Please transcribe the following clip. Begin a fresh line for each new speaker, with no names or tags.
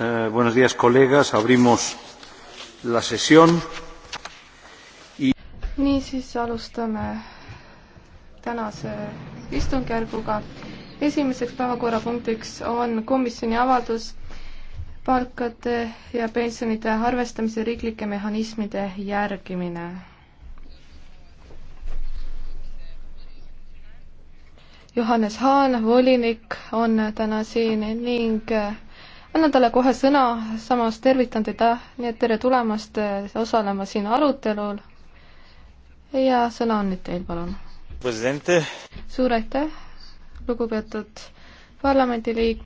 Eh, buenos días, colegas. Abrimos la sesión. Y...
niisiis alustame tänase istungjärguga. esimeseks päevakorrapunktiks on komisjoni avaldus palkade ja pensionide arvestamise riiklike mehhanismide järgimine Johannes Haan, volinik, on täna siin ning annan talle kohe sõna, samas tervitan teda, nii et tere tulemast äh, osalema siin arutelul. ja sõna on nüüd teil, palun. suur aitäh, lugupeetud
parlamendiliikmed.